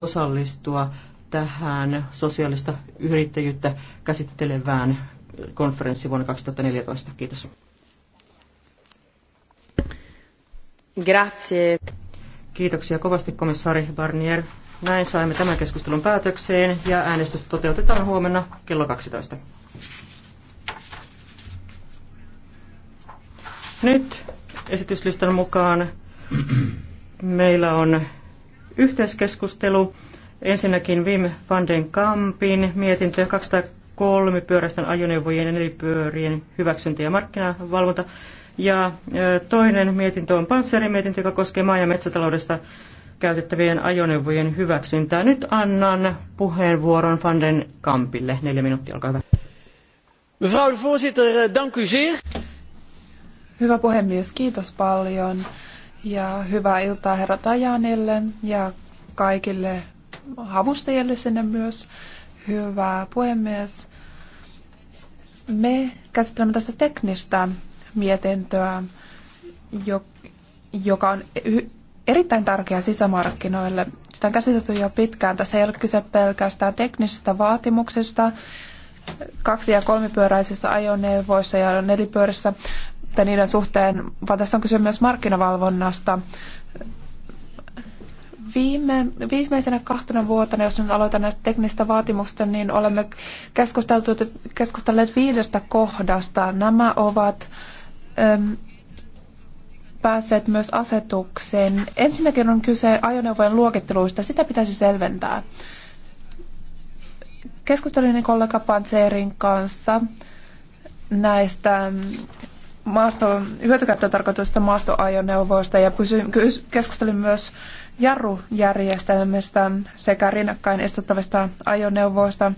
osallistua tähän sosiaalista yrittäjyyttä käsittelevään konferenssiin vuonna 2014. Kiitos. Grazie. Kiitoksia kovasti komissaari Barnier. Näin saimme tämän keskustelun päätökseen ja äänestys toteutetaan huomenna kello 12. Nyt esityslistan mukaan meillä on Yhteiskeskustelu. Ensinnäkin Wim van den Kampin mietintö 203 pyöräisten ajoneuvojen ja nelipyörien hyväksyntä ja markkinavalvonta. Ja toinen mietintö on Panzerin mietintö, joka koskee maa- ja metsätaloudesta käytettävien ajoneuvojen hyväksyntää. Nyt annan puheenvuoron Van den Kampille. Neljä minuuttia, olkaa hyvä. Mevrouw de voorzitter, eh, dank u zeer. Hyvä puhemies, kiitos paljon ja hyvää iltaa herra Tajanille ja kaikille havustajille sinne myös. Hyvää puhemies. Me käsittelemme tässä teknistä mietintöä, joka on erittäin tärkeä sisämarkkinoille. Sitä on käsitelty jo pitkään. Tässä ei ole kyse pelkästään teknisistä vaatimuksista kaksi- ja kolmipyöräisissä ajoneuvoissa ja nelipyörissä, että niiden suhteen, vaan tässä on kyse myös markkinavalvonnasta. Viime, viimeisenä kahtena vuotena, jos nyt aloitan näistä teknistä vaatimuksista, niin olemme keskustelleet viidestä kohdasta. Nämä ovat äm, päässeet myös asetukseen. Ensinnäkin on kyse ajoneuvojen luokitteluista. Sitä pitäisi selventää. Keskustelin kollega Panzerin kanssa näistä maasto, hyötykäyttötarkoitusta maastoajoneuvoista ja pysy, keskustelin myös jarrujärjestelmistä sekä rinnakkain istuttavista ajoneuvoista.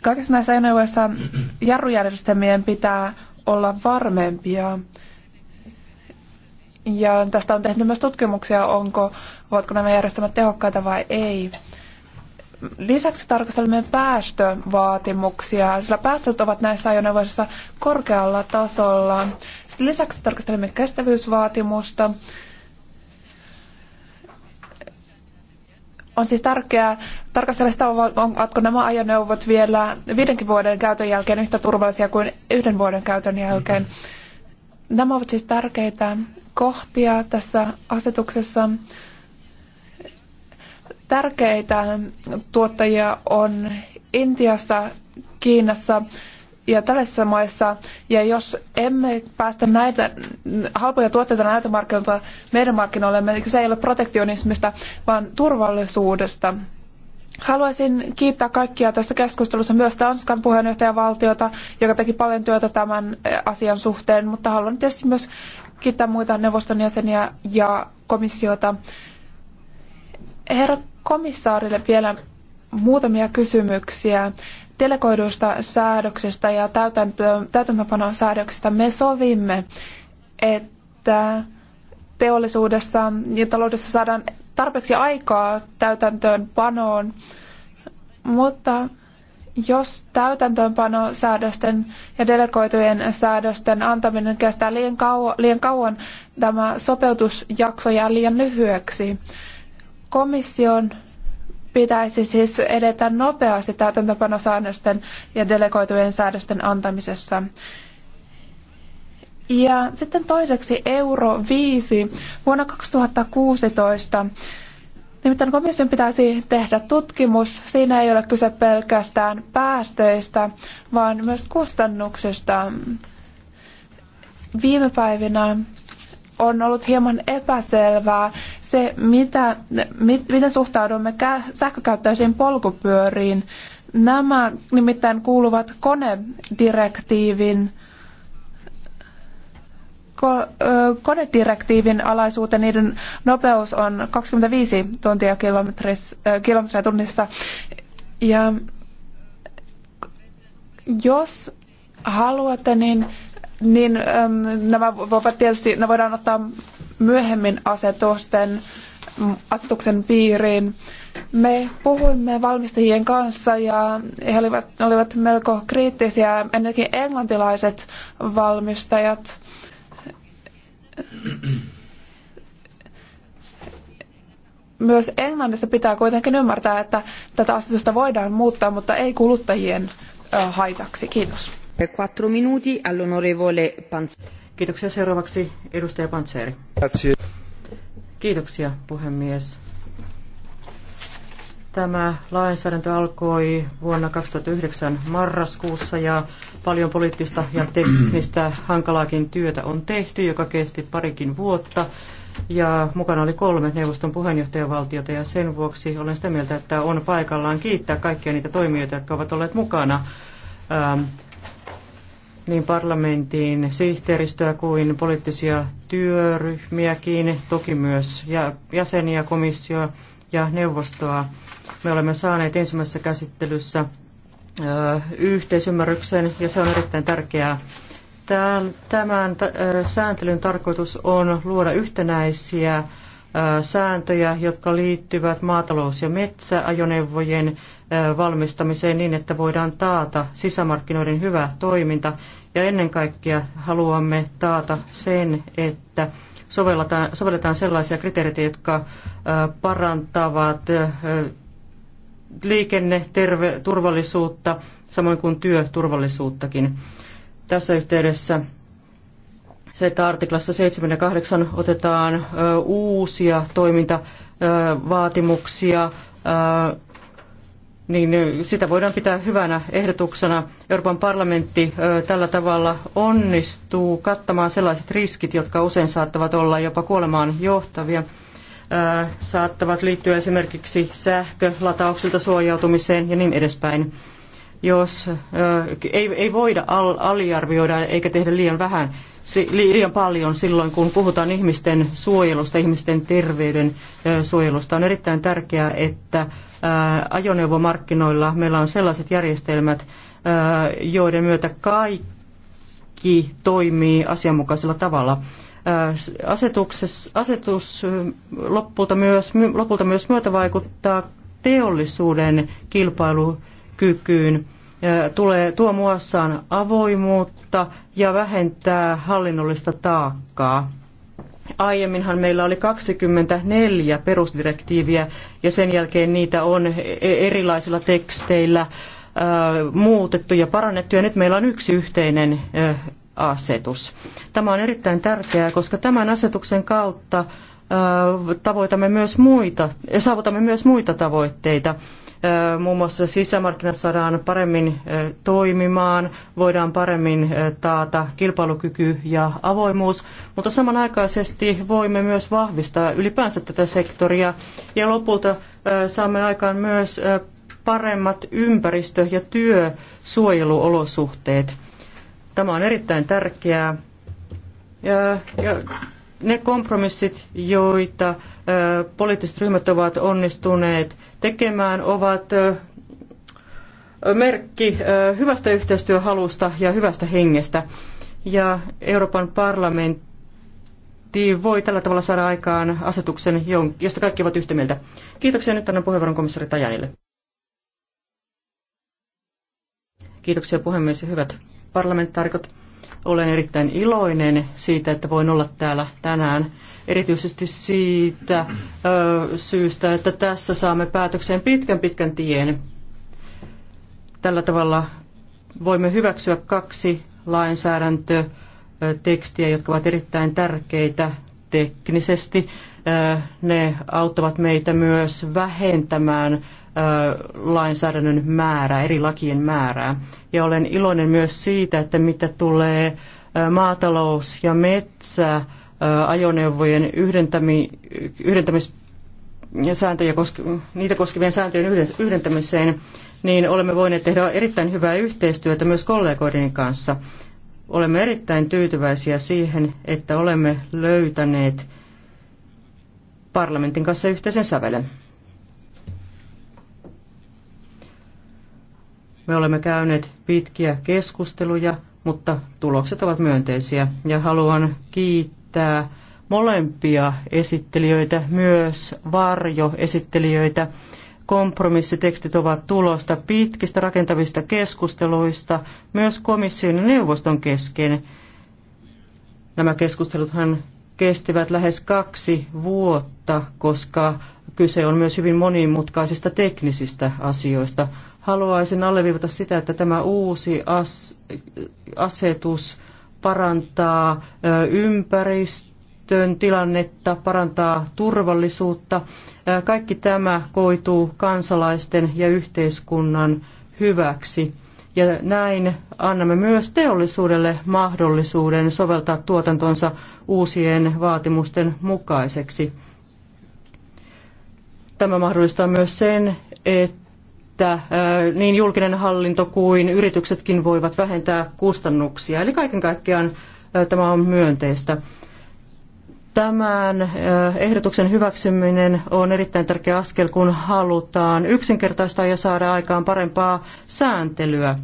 Kaikissa näissä ajoneuvoissa jarrujärjestelmien pitää olla varmempia. Ja tästä on tehty myös tutkimuksia, onko, ovatko nämä järjestelmät tehokkaita vai ei. Lisäksi tarkastelemme päästövaatimuksia, sillä päästöt ovat näissä ajoneuvoissa korkealla tasolla. Sitten lisäksi tarkastelemme kestävyysvaatimusta. On siis tärkeää tarkastella sitä, ovatko nämä ajoneuvot vielä viidenkin vuoden käytön jälkeen yhtä turvallisia kuin yhden vuoden käytön jälkeen. Nämä ovat siis tärkeitä kohtia tässä asetuksessa tärkeitä tuottajia on Intiassa, Kiinassa ja tällaisissa maissa. Ja jos emme päästä näitä halpoja tuotteita näitä markkinoilta meidän markkinoillemme, niin se ei ole protektionismista, vaan turvallisuudesta. Haluaisin kiittää kaikkia tässä keskustelussa, myös Tanskan puheenjohtajavaltiota, joka teki paljon työtä tämän eh, asian suhteen, mutta haluan tietysti myös kiittää muita neuvoston jäseniä ja komissiota. Herra komissaarille vielä muutamia kysymyksiä delegoiduista säädöksistä ja täytäntöpanon säädöksistä. Me sovimme, että teollisuudessa ja taloudessa saadaan tarpeeksi aikaa täytäntöönpanoon, mutta jos täytäntöönpanosäädösten ja delegoitujen säädösten antaminen kestää liian kauan, liian kauan tämä sopeutusjakso jää liian lyhyeksi. Komission pitäisi siis edetä nopeasti täytäntöpanosäännösten ja delegoitujen säädösten antamisessa. Ja sitten toiseksi euro 5 vuonna 2016. Nimittäin komission pitäisi tehdä tutkimus. Siinä ei ole kyse pelkästään päästöistä, vaan myös kustannuksista. Viime päivinä on ollut hieman epäselvää se, mitä, mit, miten suhtaudumme kä- sähkökäyttöisiin polkupyöriin. Nämä nimittäin kuuluvat konedirektiivin ko- konedirektiivin alaisuuteen niiden nopeus on 25 tuntia kilometriä tunnissa. Ja jos haluatte, niin niin äm, nämä voivat tietysti, ne voidaan ottaa myöhemmin asetusten, asetuksen piiriin. Me puhuimme valmistajien kanssa ja he olivat, olivat melko kriittisiä, ennenkin englantilaiset valmistajat. Myös Englannissa pitää kuitenkin ymmärtää, että tätä asetusta voidaan muuttaa, mutta ei kuluttajien haitaksi. Kiitos. Kiitoksia seuraavaksi edustaja Pantseri. Kiitoksia puhemies. Tämä lainsäädäntö alkoi vuonna 2009 marraskuussa ja paljon poliittista ja teknistä hankalaakin työtä on tehty, joka kesti parikin vuotta. Ja mukana oli kolme neuvoston puheenjohtajavaltiota ja sen vuoksi olen sitä mieltä, että on paikallaan kiittää kaikkia niitä toimijoita, jotka ovat olleet mukana ähm, niin parlamentin sihteeristöä kuin poliittisia työryhmiäkin, toki myös jäseniä, komissio ja neuvostoa. Me olemme saaneet ensimmäisessä käsittelyssä yhteisymmärryksen ja se on erittäin tärkeää. Tämän sääntelyn tarkoitus on luoda yhtenäisiä sääntöjä, jotka liittyvät maatalous- ja metsäajoneuvojen valmistamiseen niin, että voidaan taata sisämarkkinoiden hyvä toiminta. Ja ennen kaikkea haluamme taata sen, että sovelletaan, sovelletaan sellaisia kriteereitä, jotka parantavat liikenne, terve, turvallisuutta, samoin kuin työturvallisuuttakin. Tässä yhteydessä se, että artiklassa 7 ja 8 otetaan uusia toimintavaatimuksia, niin sitä voidaan pitää hyvänä ehdotuksena. Euroopan parlamentti tällä tavalla onnistuu kattamaan sellaiset riskit, jotka usein saattavat olla jopa kuolemaan johtavia saattavat liittyä esimerkiksi sähkölatauksilta suojautumiseen ja niin edespäin. Jos ei, ei voida al, aliarvioida eikä tehdä liian vähän liian paljon silloin, kun puhutaan ihmisten suojelusta, ihmisten terveyden suojelusta. On erittäin tärkeää, että ajoneuvomarkkinoilla meillä on sellaiset järjestelmät, joiden myötä kaikki toimii asianmukaisella tavalla. Asetus lopulta myös, lopulta myös myötävaikuttaa teollisuuden kilpailukykyyn tulee tuo muassaan avoimuutta ja vähentää hallinnollista taakkaa. Aiemminhan meillä oli 24 perusdirektiiviä ja sen jälkeen niitä on e- erilaisilla teksteillä muutettu ja parannettu ja nyt meillä on yksi yhteinen asetus. Tämä on erittäin tärkeää, koska tämän asetuksen kautta tavoitamme myös muita, saavutamme myös muita tavoitteita. Muun muassa sisämarkkinat saadaan paremmin toimimaan, voidaan paremmin taata kilpailukyky ja avoimuus, mutta samanaikaisesti voimme myös vahvistaa ylipäänsä tätä sektoria ja lopulta saamme aikaan myös paremmat ympäristö- ja työsuojeluolosuhteet. Tämä on erittäin tärkeää. Ja, ja ne kompromissit, joita poliittiset ryhmät ovat onnistuneet tekemään, ovat merkki hyvästä yhteistyöhalusta ja hyvästä hengestä. Ja Euroopan parlamentti voi tällä tavalla saada aikaan asetuksen, josta kaikki ovat yhtä mieltä. Kiitoksia. Nyt annan puheenvuoron komissari Tajanille. Kiitoksia puhemies ja hyvät parlamentaarikot. Olen erittäin iloinen siitä, että voin olla täällä tänään, erityisesti siitä ö, syystä, että tässä saamme päätökseen pitkän pitkän tien. Tällä tavalla voimme hyväksyä kaksi lainsäädäntötekstiä, jotka ovat erittäin tärkeitä teknisesti. Ne auttavat meitä myös vähentämään lainsäädännön määrää, eri lakien määrää. Ja olen iloinen myös siitä, että mitä tulee maatalous- ja metsäajoneuvojen ajoneuvojen yhdentämi, yhdentämis, sääntöjä niitä koskevien sääntöjen yhdentämiseen, niin olemme voineet tehdä erittäin hyvää yhteistyötä myös kollegoiden kanssa. Olemme erittäin tyytyväisiä siihen, että olemme löytäneet parlamentin kanssa yhteisen sävelen. Me olemme käyneet pitkiä keskusteluja, mutta tulokset ovat myönteisiä ja haluan kiittää molempia esittelijöitä, myös varjoesittelijöitä. Kompromissitekstit ovat tulosta pitkistä rakentavista keskusteluista, myös komission ja neuvoston kesken. Nämä keskusteluthan kestivät lähes kaksi vuotta, koska kyse on myös hyvin monimutkaisista teknisistä asioista. Haluaisin alleviivata sitä, että tämä uusi as- asetus parantaa ympäristön tilannetta, parantaa turvallisuutta. Kaikki tämä koituu kansalaisten ja yhteiskunnan hyväksi. Ja näin annamme myös teollisuudelle mahdollisuuden soveltaa tuotantonsa uusien vaatimusten mukaiseksi. Tämä mahdollistaa myös sen, että että niin julkinen hallinto kuin yrityksetkin voivat vähentää kustannuksia. Eli kaiken kaikkiaan tämä on myönteistä. Tämän ehdotuksen hyväksyminen on erittäin tärkeä askel, kun halutaan yksinkertaistaa ja saada aikaan parempaa sääntelyä.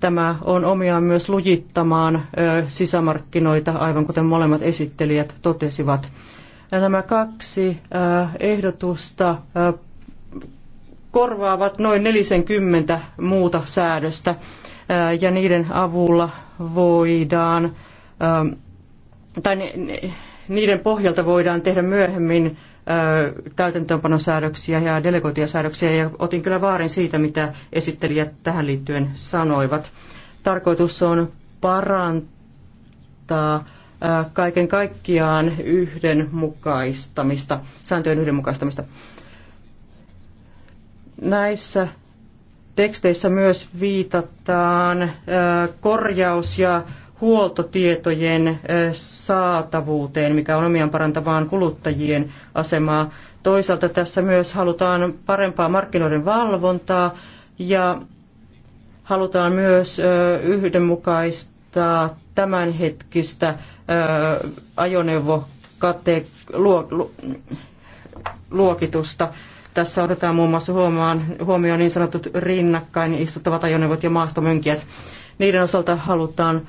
Tämä on omiaan myös lujittamaan sisämarkkinoita, aivan kuten molemmat esittelijät totesivat. Nämä kaksi ehdotusta korvaavat noin 40 muuta säädöstä ja niiden avulla voidaan, tai niiden pohjalta voidaan tehdä myöhemmin täytäntöönpanosäädöksiä ja delegointiasäädöksiä ja otin kyllä vaarin siitä, mitä esittelijät tähän liittyen sanoivat. Tarkoitus on parantaa kaiken kaikkiaan yhdenmukaistamista, sääntöjen yhdenmukaistamista. Näissä teksteissä myös viitataan korjaus- ja huoltotietojen saatavuuteen, mikä on omiaan parantamaan kuluttajien asemaa. Toisaalta tässä myös halutaan parempaa markkinoiden valvontaa ja halutaan myös yhdenmukaistaa tämänhetkistä ajoneuvokategoriaa luokitusta. Tässä otetaan muun muassa huomaan, huomioon niin sanotut rinnakkain istuttavat ajoneuvot ja maastomönkijät. Niiden osalta halutaan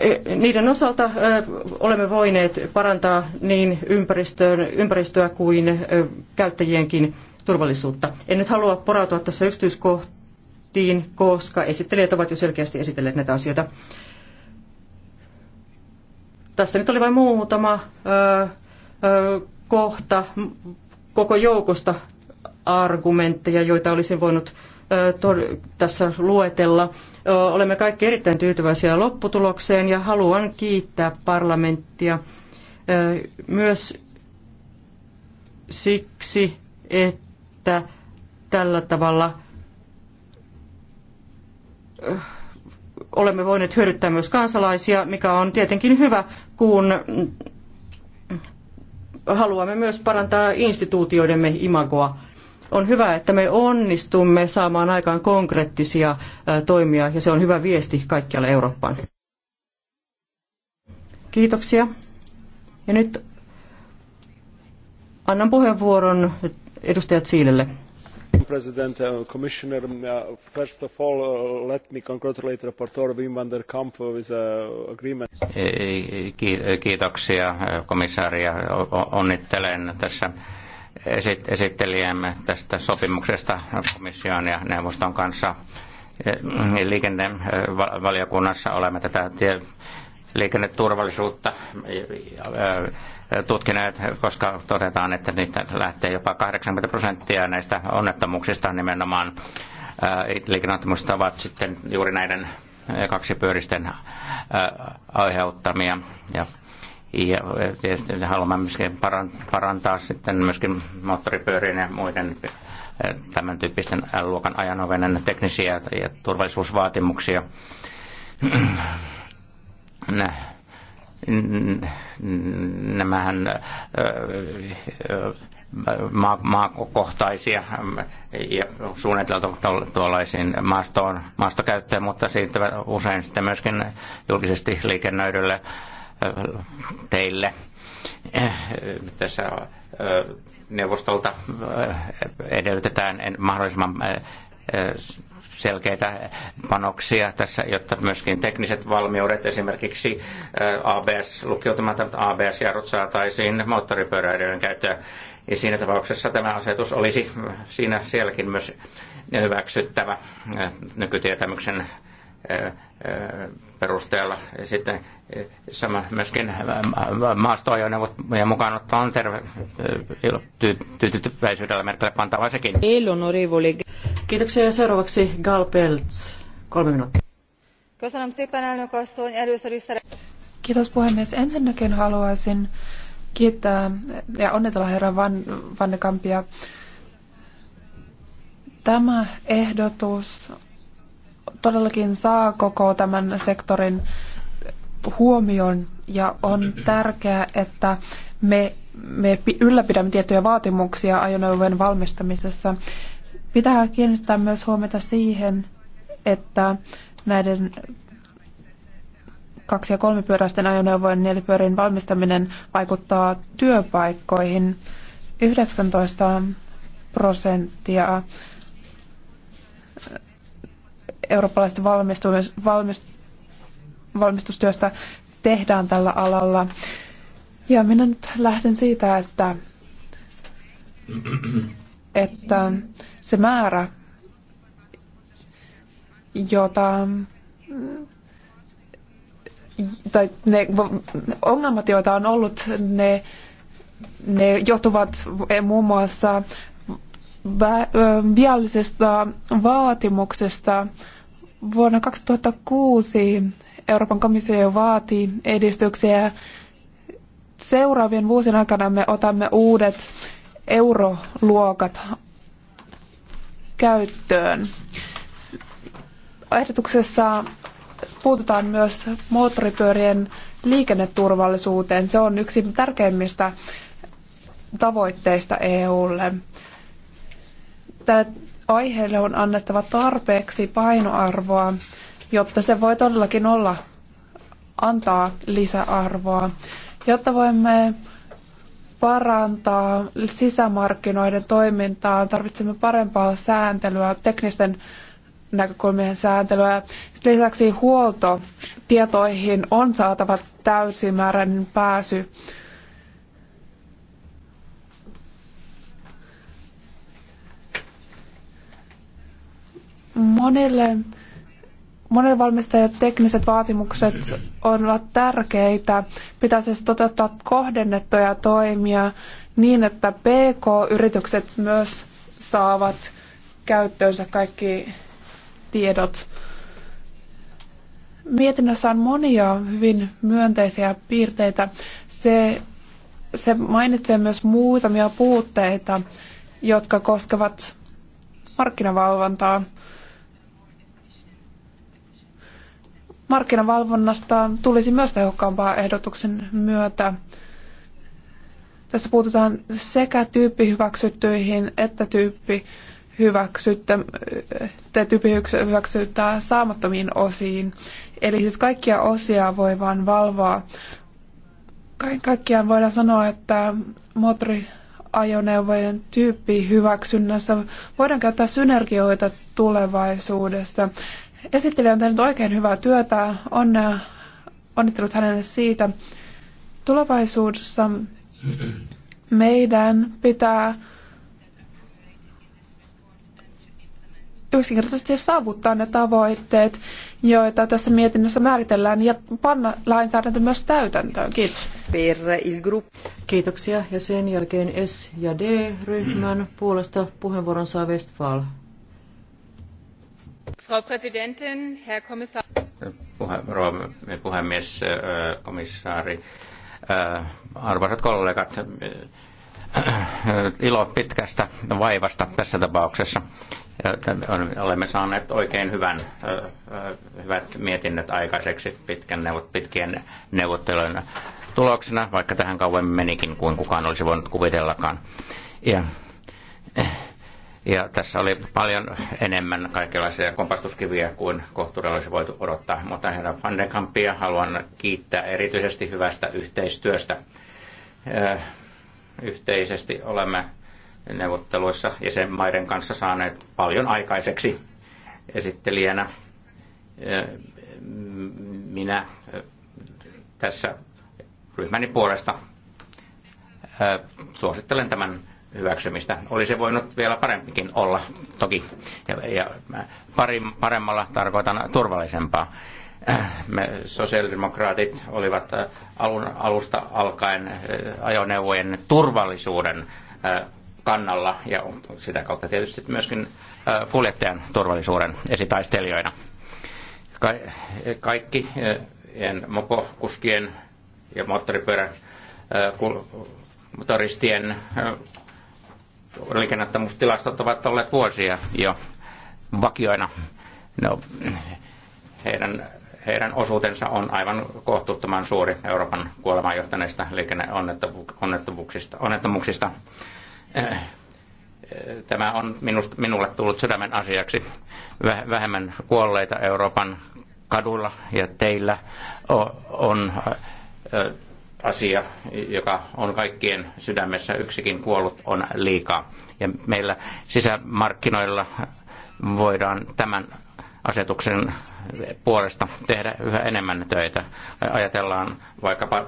eh, niiden osalta eh, olemme voineet parantaa niin ympäristöä kuin eh, käyttäjienkin turvallisuutta. En nyt halua porautua tässä yksityiskohtiin, koska esittelijät ovat jo selkeästi esitelleet näitä asioita. Tässä nyt oli vain muutama kohta koko joukosta argumentteja, joita olisin voinut tässä luetella. Olemme kaikki erittäin tyytyväisiä lopputulokseen ja haluan kiittää parlamenttia myös siksi, että tällä tavalla olemme voineet hyödyttää myös kansalaisia, mikä on tietenkin hyvä, kun haluamme myös parantaa instituutioidemme imagoa. On hyvä, että me onnistumme saamaan aikaan konkreettisia toimia ja se on hyvä viesti kaikkialle Eurooppaan. Kiitoksia. Ja nyt annan puheenvuoron edustaja Siilelle president uh, commissioner um, uh, first of all uh, let me congratulate rapporteur wim van der kamp with the agreement. kiitoksia komissaari ja onnittelen tässä esittelijämme tästä sopimuksesta komission ja neuvoston kanssa mm, liikennevaliokunnassa olemme tätä liikenneturvallisuutta tutkineet, koska todetaan, että niitä lähtee jopa 80 prosenttia näistä onnettomuuksista nimenomaan liikenneonnettomuudet ovat sitten juuri näiden kaksipyöristen aiheuttamia. Ja ja tietysti haluamme myöskin parantaa sitten myöskin moottoripyörien ja muiden tämän tyyppisten luokan ajanovenen teknisiä ja turvallisuusvaatimuksia nämähän maakohtaisia ja suunniteltu tuollaisiin maastoon, maastokäyttöön, mutta siitä usein sitten myöskin julkisesti liikennöidylle teille. Tässä neuvostolta edellytetään mahdollisimman selkeitä panoksia tässä, jotta myöskin tekniset valmiudet, esimerkiksi ABS, lukkiutumatta ABS-jarrut saataisiin moottoripyöräilijöiden käyttöön. Ja siinä tapauksessa tämä asetus olisi siinä sielläkin myös hyväksyttävä nykytietämyksen perusteella. Sitten sama myöskin maastoajoneuvot ja mukaan ottaa on terve tyytyväisyydellä merkille pantavaa sekin. Kiitoksia ja seuraavaksi Gal Peltz. Kolme minuuttia. Kiitos puhemies. Ensinnäkin haluaisin kiittää ja onnitella herra Van, Vannekampia. Tämä ehdotus todellakin saa koko tämän sektorin huomion ja on tärkeää, että me, me ylläpidämme tiettyjä vaatimuksia ajoneuvojen valmistamisessa. Pitää kiinnittää myös huomiota siihen, että näiden kaksi- ja kolmipyöräisten ajoneuvojen nelipyörien valmistaminen vaikuttaa työpaikkoihin. 19 prosenttia eurooppalaisesta valmistustyöstä tehdään tällä alalla. Ja minä nyt lähden siitä, että, että se määrä, jota tai ne ongelmat, joita on ollut, ne, ne johtuvat muun muassa viallisesta vaatimuksesta Vuonna 2006 Euroopan komissio vaati edistyksiä. Seuraavien vuosien aikana me otamme uudet euroluokat käyttöön. Ehdotuksessa puututaan myös moottoripyörien liikenneturvallisuuteen. Se on yksi tärkeimmistä tavoitteista EUlle aiheelle on annettava tarpeeksi painoarvoa, jotta se voi todellakin olla antaa lisäarvoa, jotta voimme parantaa sisämarkkinoiden toimintaa. Tarvitsemme parempaa sääntelyä, teknisten näkökulmien sääntelyä. Lisäksi huolto tietoihin on saatava täysimääräinen pääsy Monille, monille valmistajille tekniset vaatimukset ovat tärkeitä. Pitäisi siis toteuttaa kohdennettuja toimia niin, että PK-yritykset myös saavat käyttöönsä kaikki tiedot. Mietinnössä on monia hyvin myönteisiä piirteitä. Se, se mainitsee myös muutamia puutteita, jotka koskevat markkinavalvontaa. markkinavalvonnasta tulisi myös tehokkaampaa ehdotuksen myötä. Tässä puututaan sekä tyyppihyväksyttyihin että tyyppi hyväksyttä, hyväksyttää saamattomiin osiin. Eli siis kaikkia osia voi vaan valvoa. Kaiken kaikkiaan voidaan sanoa, että moottoriajoneuvojen tyyppihyväksynnässä voidaan käyttää synergioita tulevaisuudessa. Esittelijä on tehnyt oikein hyvää työtä. Onnea, äh, onnittelut hänelle siitä. Tulevaisuudessa meidän pitää yksinkertaisesti saavuttaa ne tavoitteet, joita tässä mietinnössä määritellään ja panna lainsäädäntö myös täytäntöön. Kiitos. Kiitoksia. Ja sen jälkeen S- ja D-ryhmän puolesta puheenvuoron saa Westfall. Frau Präsidentin, Herr Kommissar. puhemies, äh, komissaari, äh, arvoisat kollegat, äh, ilo pitkästä vaivasta tässä tapauksessa. Olemme saaneet oikein hyvän, hyvät mietinnät aikaiseksi pitkän neuvot, pitkien neuvottelujen tuloksena, vaikka tähän kauemmin menikin kuin kukaan olisi voinut kuvitellakaan. Ja, ja tässä oli paljon enemmän kaikenlaisia kompastuskiviä kuin kohtuudella olisi voitu odottaa. Mutta herra Van den Kampia haluan kiittää erityisesti hyvästä yhteistyöstä. Yhteisesti olemme neuvotteluissa jäsenmaiden kanssa saaneet paljon aikaiseksi esittelijänä. Minä tässä ryhmäni puolesta suosittelen tämän hyväksymistä. Olisi voinut vielä parempikin olla, toki. Ja, ja paremmalla tarkoitan turvallisempaa. Äh, me sosiaalidemokraatit olivat äh, alun, alusta alkaen äh, ajoneuvojen turvallisuuden kannalla ja sitä kautta tietysti myöskin kuljettajan turvallisuuden esitaistelijoina. Ka- kaikki mopokuskien ja moottoripyörän motoristien liikennettömyystilastot ovat olleet vuosia jo vakioina. No, heidän, heidän osuutensa on aivan kohtuuttoman suuri Euroopan kuolemaan johtaneista liikenneonnettomuuksista. Onnettomuuksista. Tämä on minusta, minulle tullut sydämen asiaksi. Vähemmän kuolleita Euroopan kadulla ja teillä on asia, joka on kaikkien sydämessä yksikin kuollut, on liikaa. Ja meillä sisämarkkinoilla voidaan tämän asetuksen puolesta tehdä yhä enemmän töitä. Ajatellaan vaikkapa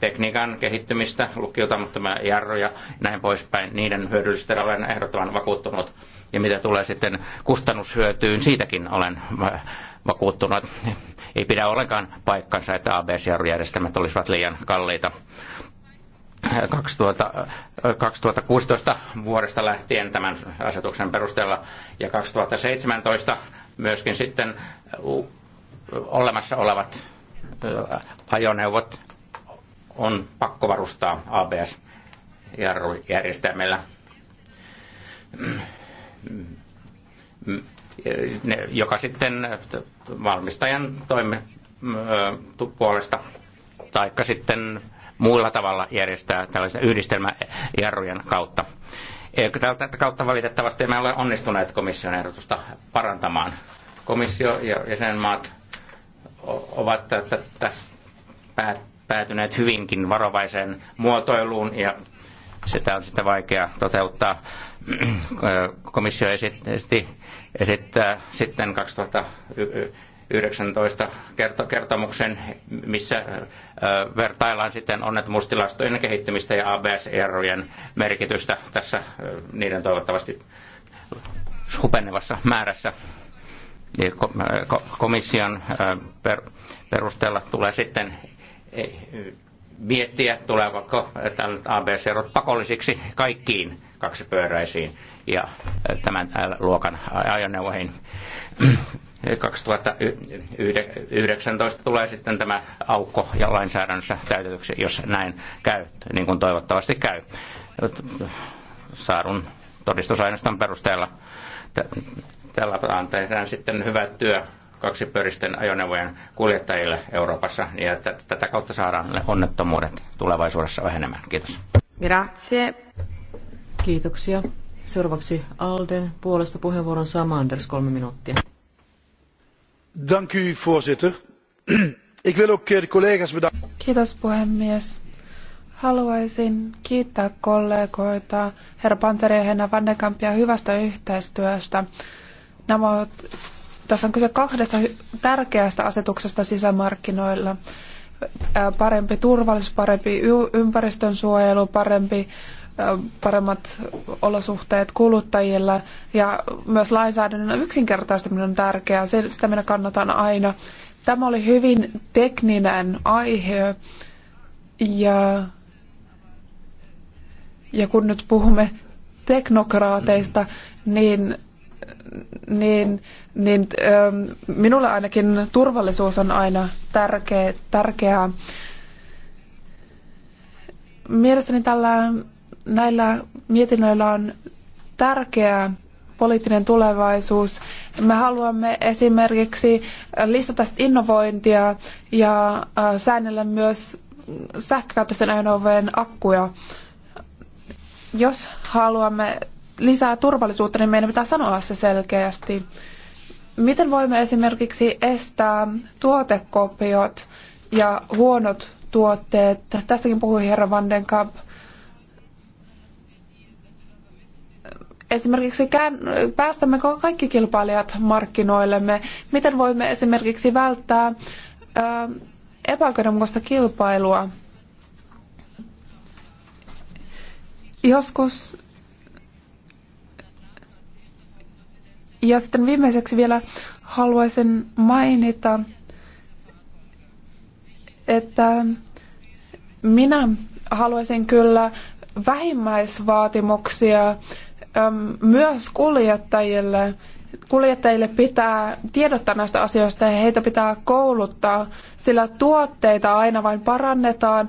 tekniikan kehittymistä, lukkiutumattomia jarruja näin poispäin. Niiden hyödyllistä olen ehdottoman vakuuttunut. Ja mitä tulee sitten kustannushyötyyn, siitäkin olen vakuuttunut. Ei pidä ollenkaan paikkansa, että ABC-järjestelmät olisivat liian kalliita. 2016 vuodesta lähtien tämän asetuksen perusteella ja 2017 myöskin sitten olemassa olevat ajoneuvot on pakko varustaa ABS-järjestelmillä joka sitten valmistajan toime, puolesta tai sitten muilla tavalla järjestää tällaisen yhdistelmäjarrujen kautta. Tältä kautta valitettavasti emme ole onnistuneet komission ehdotusta parantamaan. Komissio ja jäsenmaat ovat tässä päätyneet hyvinkin varovaiseen muotoiluun ja sitä on sitten vaikea toteuttaa. Komissio esitti, esittää sitten 2019 kertomuksen, missä vertaillaan sitten onnettomuustilastojen kehittymistä ja ABS-erojen merkitystä tässä niiden toivottavasti hupenevassa määrässä komission perusteella tulee sitten miettiä, tulevatko tällaiset abc pakollisiksi kaikkiin kaksipyöräisiin ja tämän luokan ajoneuvoihin. 2019 tulee sitten tämä aukko ja lainsäädännössä täytetyksi, jos näin käy, niin kuin toivottavasti käy. Saadun todistusaineiston perusteella tällä tehdään sitten hyvä työ kaksipyöristen ajoneuvojen kuljettajille Euroopassa, niin että tätä kautta saadaan onnettomuudet tulevaisuudessa vähenemään. Kiitos. Grazie. Kiitoksia. Seuraavaksi Alden puolesta puheenvuoron saa Manders kolme minuuttia. Dank u, voorzitter. Ik wil ook eh, de collega's bedanken. Kiitos puhemies. Haluaisin kiittää kollegoita, herra Panteria ja Henna Vannekampia hyvästä yhteistyöstä. Nämä ovat tässä on kyse kahdesta tärkeästä asetuksesta sisämarkkinoilla. Parempi turvallisuus, parempi ympäristönsuojelu, parempi paremmat olosuhteet kuluttajilla ja myös lainsäädännön yksinkertaistaminen on tärkeää. Sitä minä kannatan aina. Tämä oli hyvin tekninen aihe ja, ja kun nyt puhumme teknokraateista, niin niin, niin ähm, minulle ainakin turvallisuus on aina tärkeä, tärkeää. Mielestäni tällä, näillä mietinnöillä on tärkeää poliittinen tulevaisuus. Me haluamme esimerkiksi lisätä innovointia ja äh, säännellä myös sähkökäyttöisten ajoneuvojen akkuja. Jos haluamme lisää turvallisuutta, niin meidän pitää sanoa se selkeästi. Miten voimme esimerkiksi estää tuotekopiot ja huonot tuotteet? Tästäkin puhui herra Vandenkamp. Esimerkiksi päästämmekö kaikki kilpailijat markkinoillemme? Miten voimme esimerkiksi välttää epäoikeudenmukaista kilpailua? Joskus Ja sitten viimeiseksi vielä haluaisin mainita, että minä haluaisin kyllä vähimmäisvaatimuksia myös kuljettajille. Kuljettajille pitää tiedottaa näistä asioista ja heitä pitää kouluttaa, sillä tuotteita aina vain parannetaan,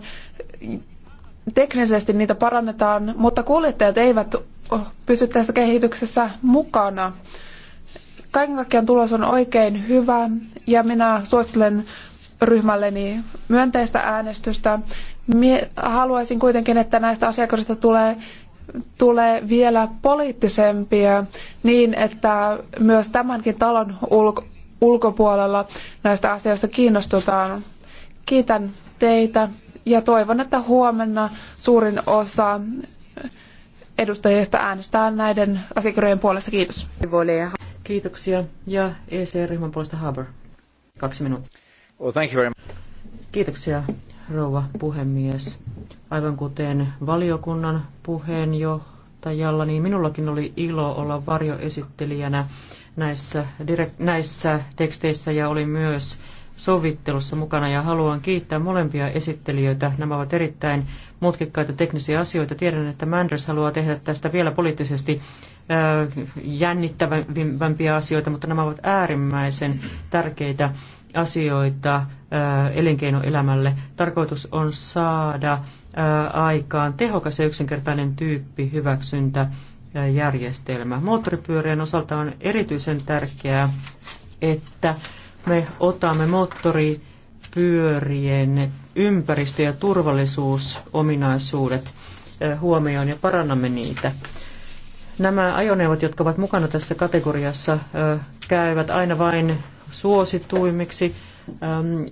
teknisesti niitä parannetaan, mutta kuljettajat eivät pysy tässä kehityksessä mukana. Kaiken kaikkiaan tulos on oikein hyvä ja minä suosittelen ryhmälleni myönteistä äänestystä. Mie haluaisin kuitenkin, että näistä asiakirjoista tulee, tulee vielä poliittisempia niin, että myös tämänkin talon ulko- ulkopuolella näistä asioista kiinnostutaan. Kiitän teitä ja toivon, että huomenna suurin osa edustajista äänestää näiden asiakirjojen puolesta. Kiitos. Kiitoksia. Ja EC-ryhmän puolesta Haber. Kaksi minuuttia. Well, thank you very much. Kiitoksia, rouva puhemies. Aivan kuten valiokunnan puheenjohtajalla, niin minullakin oli ilo olla varjoesittelijänä näissä, direk- näissä teksteissä ja oli myös sovittelussa mukana ja haluan kiittää molempia esittelijöitä. Nämä ovat erittäin mutkikkaita teknisiä asioita. Tiedän, että Manders haluaa tehdä tästä vielä poliittisesti jännittävämpiä asioita, mutta nämä ovat äärimmäisen tärkeitä asioita elinkeinoelämälle. Tarkoitus on saada aikaan tehokas ja yksinkertainen tyyppi hyväksyntä järjestelmä. Moottoripyörien osalta on erityisen tärkeää, että me otamme moottori pyörien ympäristö- ja turvallisuusominaisuudet eh, huomioon ja parannamme niitä. Nämä ajoneuvot, jotka ovat mukana tässä kategoriassa, eh, käyvät aina vain suosituimmiksi ehm,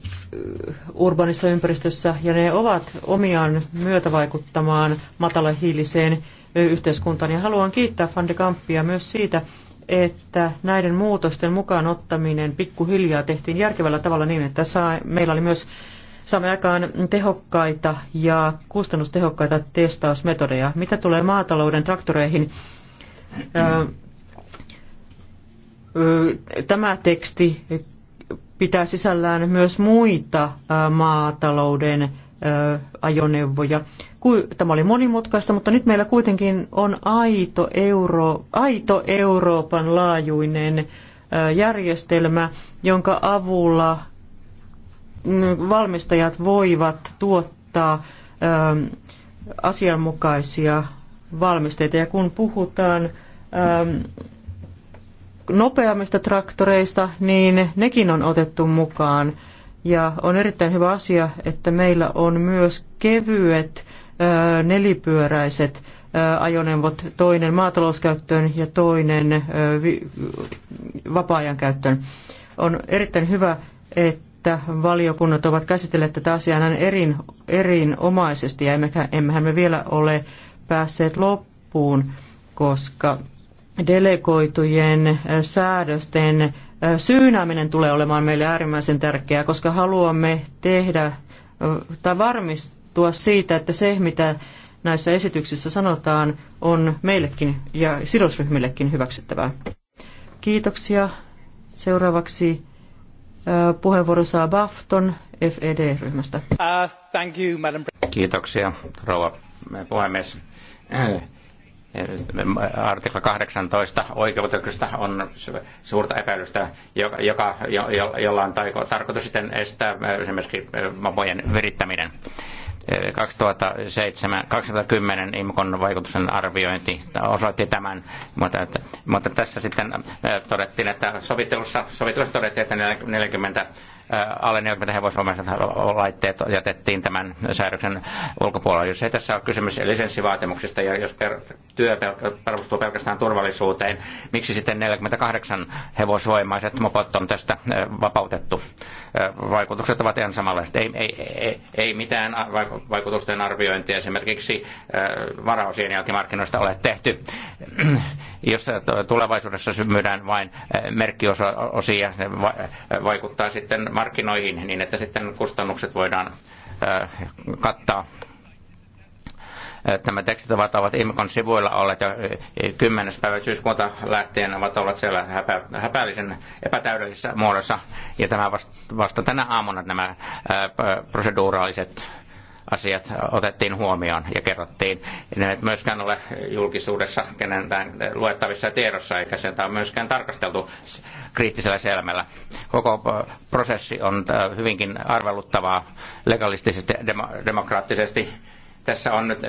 urbanissa ympäristössä ja ne ovat omiaan myötävaikuttamaan matalahiiliseen eh, yhteiskuntaan. Ja haluan kiittää Van Kampia myös siitä, että näiden muutosten mukaan ottaminen pikkuhiljaa tehtiin järkevällä tavalla niin, että saa, meillä oli myös saamme aikaan tehokkaita ja kustannustehokkaita testausmetodeja. Mitä tulee maatalouden traktoreihin, tämä teksti pitää sisällään myös muita maatalouden ajoneuvoja. Tämä oli monimutkaista, mutta nyt meillä kuitenkin on aito, Euro, aito Euroopan laajuinen järjestelmä, jonka avulla mm, valmistajat voivat tuottaa asianmukaisia valmisteita. Ja kun puhutaan nopeammista traktoreista, niin nekin on otettu mukaan ja on erittäin hyvä asia, että meillä on myös kevyet nelipyöräiset ajoneuvot, toinen maatalouskäyttöön ja toinen vapaa-ajan käyttöön. On erittäin hyvä, että valiokunnat ovat käsitelleet tätä asiaa näin erin, erinomaisesti ja emmehän, emmehän me vielä ole päässeet loppuun, koska delegoitujen säädösten syynääminen tulee olemaan meille äärimmäisen tärkeää, koska haluamme tehdä tai varmistua siitä, että se, mitä näissä esityksissä sanotaan, on meillekin ja sidosryhmillekin hyväksyttävää. Kiitoksia. Seuraavaksi puheenvuoro saa Bafton FED-ryhmästä. Uh, thank you, madam. Kiitoksia, rouva puhemies artikla 18 oikeutuksesta on suurta epäilystä, joka, joka, jo, jolla on taiko, tarkoitus sitten estää äh, esimerkiksi mamojen verittäminen. 2007, 2010 IMKon vaikutusten arviointi osoitti tämän, mutta, että, mutta tässä sitten äh, todettiin, että sovittelussa, sovittelussa todettiin, että 40 Äh, alle 40 hevosvoimaiset laitteet jätettiin tämän säädöksen ulkopuolelle. Jos ei tässä ole kysymys lisenssivaatimuksista ja jos per, työ perustuu pelkästään turvallisuuteen, miksi sitten 48 hevosvoimaiset mopot on tästä äh, vapautettu? Äh, vaikutukset ovat ihan samanlaiset. Ei, ei, ei, ei mitään vaikutusten arviointia esimerkiksi varaosien jälkimarkkinoista ole tehty. Jos tulevaisuudessa myydään vain merkkiosia, se vaikuttaa sitten markkinoihin niin, että sitten kustannukset voidaan kattaa nämä tekstit ovat, ovat IMKon sivuilla olleet ja 10. päivä syyskuuta lähtien ovat olleet siellä häpä, häpäällisen epätäydellisessä muodossa. Ja tämä vasta, vasta tänä aamuna nämä ää, proseduraaliset asiat otettiin huomioon ja kerrottiin. Ne eivät myöskään ole julkisuudessa kenentään luettavissa tiedossa, eikä sitä ole myöskään tarkasteltu kriittisellä selmällä. Koko prosessi on hyvinkin arveluttavaa legalistisesti, demokraattisesti. Tässä on nyt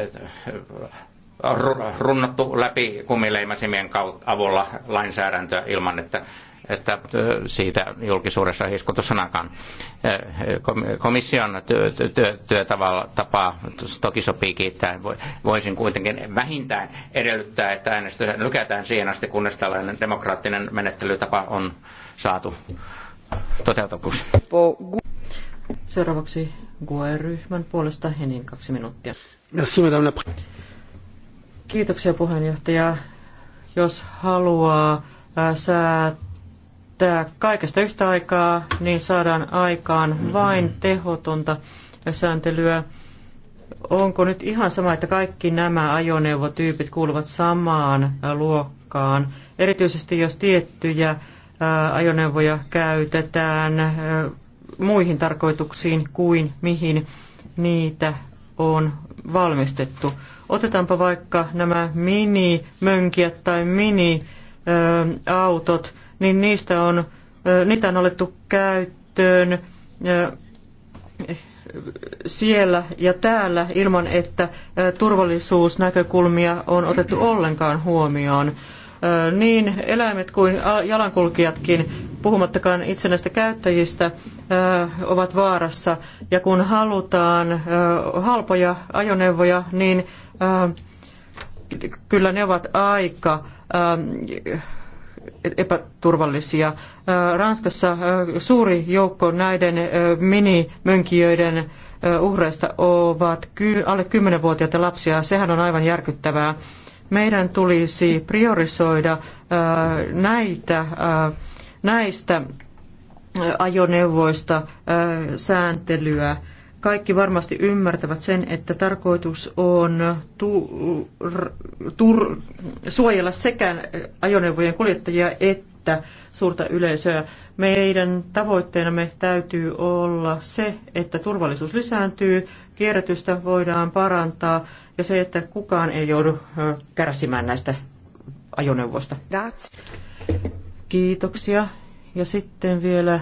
runnottu läpi kumileimasimien avulla lainsäädäntöä ilman, että että äh, siitä julkisuudessa ei hiskuttu sanakaan. Äh, komission työtapaa toki sopii kiittää. Voisin kuitenkin vähintään edellyttää, että äänestys lykätään siihen asti, kunnes tällainen demokraattinen menettelytapa on saatu toteutukseksi. Seuraavaksi GUE-ryhmän puolesta Henin kaksi minuuttia. Merci, madame Kiitoksia puheenjohtaja. Jos haluaa säätää että kaikesta yhtä aikaa, niin saadaan aikaan vain tehotonta sääntelyä. Onko nyt ihan sama, että kaikki nämä ajoneuvotyypit kuuluvat samaan luokkaan, erityisesti jos tiettyjä ajoneuvoja käytetään muihin tarkoituksiin kuin mihin niitä on valmistettu. Otetaanpa vaikka nämä mini-mönkijät tai mini-autot niin niistä on, niitä on alettu käyttöön siellä ja täällä ilman, että turvallisuusnäkökulmia on otettu ollenkaan huomioon. Niin eläimet kuin jalankulkijatkin, puhumattakaan itsenäistä käyttäjistä, ovat vaarassa. Ja kun halutaan halpoja ajoneuvoja, niin kyllä ne ovat aika epäturvallisia. Ranskassa suuri joukko näiden minimönkijöiden uhreista ovat alle 10-vuotiaita lapsia. Sehän on aivan järkyttävää. Meidän tulisi priorisoida näitä, näistä ajoneuvoista sääntelyä kaikki varmasti ymmärtävät sen, että tarkoitus on tu, tur, suojella sekä ajoneuvojen kuljettajia että suurta yleisöä. Meidän tavoitteenamme täytyy olla se, että turvallisuus lisääntyy, kierrätystä voidaan parantaa ja se, että kukaan ei joudu kärsimään näistä ajoneuvoista. Kiitoksia. Ja sitten vielä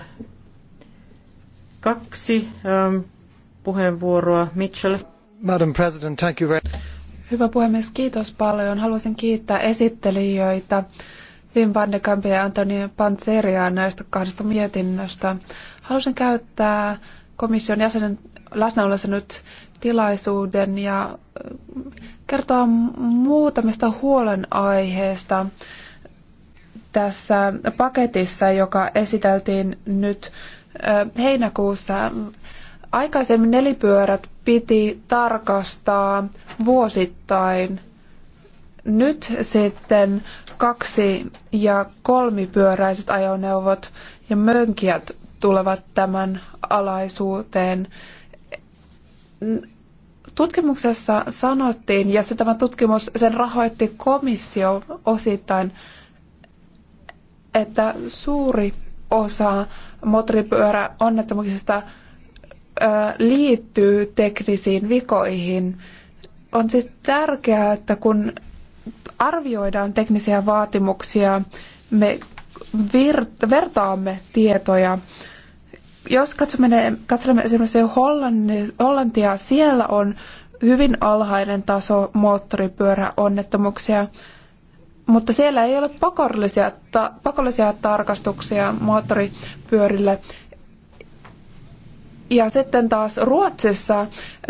kaksi ähm, puheenvuoroa. Mitchell. Madam President, thank you very... Hyvä puhemies, kiitos paljon. Haluaisin kiittää esittelijöitä Wim van de Kampia ja Antoni Panzeria näistä kahdesta mietinnöstä. Haluaisin käyttää komission jäsenen ollessa nyt tilaisuuden ja äh, kertoa muutamista huolenaiheista tässä paketissa, joka esiteltiin nyt äh, heinäkuussa. Aikaisemmin nelipyörät piti tarkastaa vuosittain. Nyt sitten kaksi- ja kolmipyöräiset ajoneuvot ja mönkijät tulevat tämän alaisuuteen. Tutkimuksessa sanottiin, ja se tämä tutkimus, sen rahoitti komissio osittain, että suuri osa moottoripyöräonnettomuuksista liittyy teknisiin vikoihin. On siis tärkeää, että kun arvioidaan teknisiä vaatimuksia, me vertaamme tietoja. Jos katsomme, katsomme esimerkiksi Hollantia, siellä on hyvin alhainen taso moottoripyöräonnettomuuksia, mutta siellä ei ole pakollisia, ta, pakollisia tarkastuksia moottoripyörille. Ja sitten taas Ruotsissa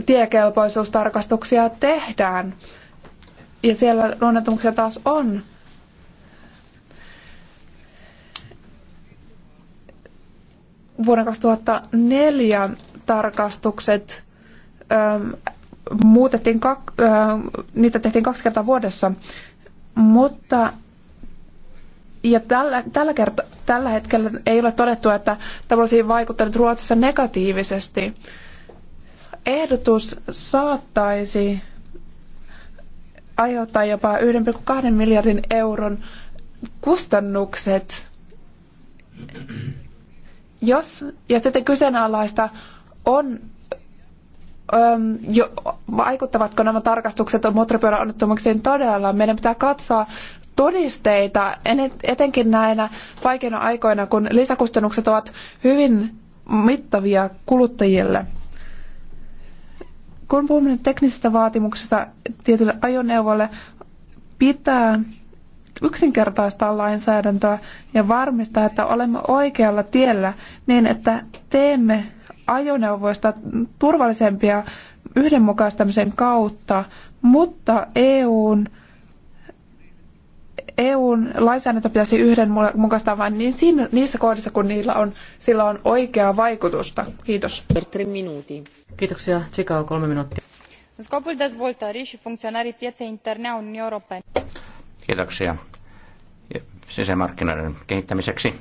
tiekelpoisuustarkastuksia tehdään. Ja siellä onnettomuuksia taas on. Vuonna 2004 tarkastukset ö, ähm, muutettiin, kak, ö, äh, niitä tehtiin kaksi kertaa vuodessa, mutta ja tällä, tällä, kerta, tällä hetkellä ei ole todettu, että tämä olisi vaikuttanut Ruotsissa negatiivisesti. Ehdotus saattaisi aiheuttaa jopa 1,2 miljardin euron kustannukset. Jos, ja sitten kyseenalaista on, äm, jo, vaikuttavatko nämä tarkastukset onnettomuuksiin todella. Meidän pitää katsoa todisteita, etenkin näinä vaikeina aikoina, kun lisäkustannukset ovat hyvin mittavia kuluttajille. Kun puhumme teknisistä vaatimuksista tietylle ajoneuvolle, pitää yksinkertaistaa lainsäädäntöä ja varmistaa, että olemme oikealla tiellä niin, että teemme ajoneuvoista turvallisempia yhdenmukaistamisen kautta, mutta EUn EUn lainsäädäntö pitäisi yhdenmukaistaa vain niin siinä, niissä kohdissa, kun niillä on, sillä on oikeaa vaikutusta. Kiitos. Kiitoksia. Chicago, kolme minuuttia. Scopul dezvoltării și funcționării pieței interne a Uniunii Europene. Kiitoksia. Sisämarkkinoiden kehittämiseksi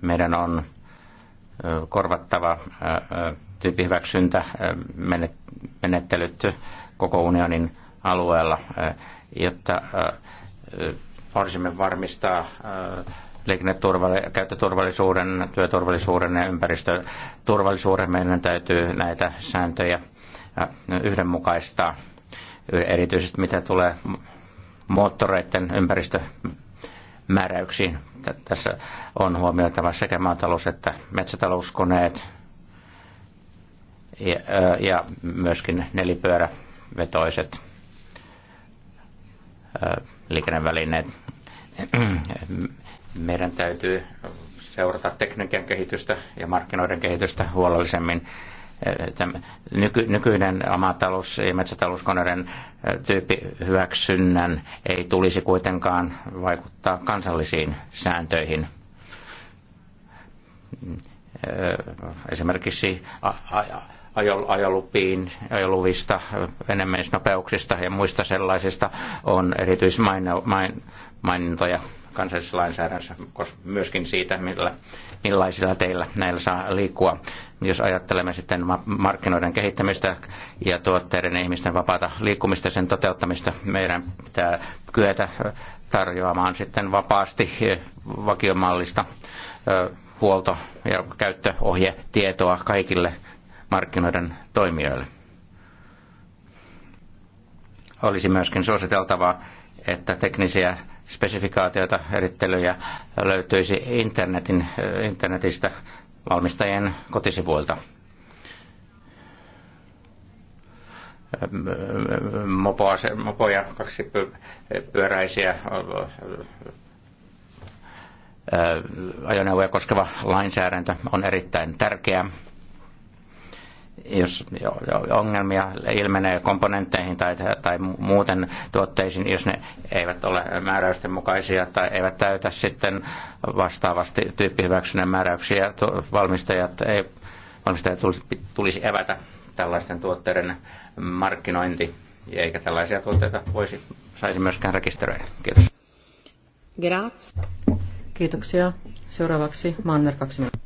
meidän on korvattava tyyppihyväksyntä menettelyt koko unionin alueella, jotta Voisimme varmistaa äh, liikenneturvallisuuden, käyttöturvallisuuden, työturvallisuuden ja ympäristöturvallisuuden. Meidän täytyy näitä sääntöjä äh, yhdenmukaistaa, erityisesti mitä tulee moottoreiden ympäristömääräyksiin. Tässä on huomioitava sekä maatalous että metsätalouskoneet ja, äh, ja myöskin nelipyörävetoiset liikennevälineet meidän täytyy seurata tekniikan kehitystä ja markkinoiden kehitystä huolellisemmin. Nyky, nykyinen omatalous- ja metsätalouskoneiden tyyppihyväksynnän ei tulisi kuitenkaan vaikuttaa kansallisiin sääntöihin. Esimerkiksi ajolupiin, ajoluvista, enemmännisnopeuksista ja muista sellaisista on erityismainintoja kansallisessa lainsäädännössä, koska myöskin siitä, millä, millaisilla teillä näillä saa liikkua. Jos ajattelemme sitten markkinoiden kehittämistä ja tuotteiden ja ihmisten vapaata liikkumista, sen toteuttamista, meidän pitää kyetä tarjoamaan sitten vapaasti eh, vakiomallista eh, huolto- ja käyttöohjetietoa kaikille markkinoiden toimijoille. Olisi myöskin suositeltavaa, että teknisiä spesifikaatioita, erittelyjä löytyisi internetin, internetistä valmistajien kotisivuilta. Mopoa, mopoja, kaksi pyöräisiä ajoneuvoja koskeva lainsäädäntö on erittäin tärkeä jos ongelmia ilmenee komponentteihin tai, tai muuten tuotteisiin, jos ne eivät ole määräysten mukaisia tai eivät täytä sitten vastaavasti tyyppihyväksynnän määräyksiä, valmistajat, ei, valmistajat tulisi, evätä tällaisten tuotteiden markkinointi, eikä tällaisia tuotteita voisi, saisi myöskään rekisteröidä. Kiitos. Grazie. Kiitoksia. Seuraavaksi Manner 2 minuuttia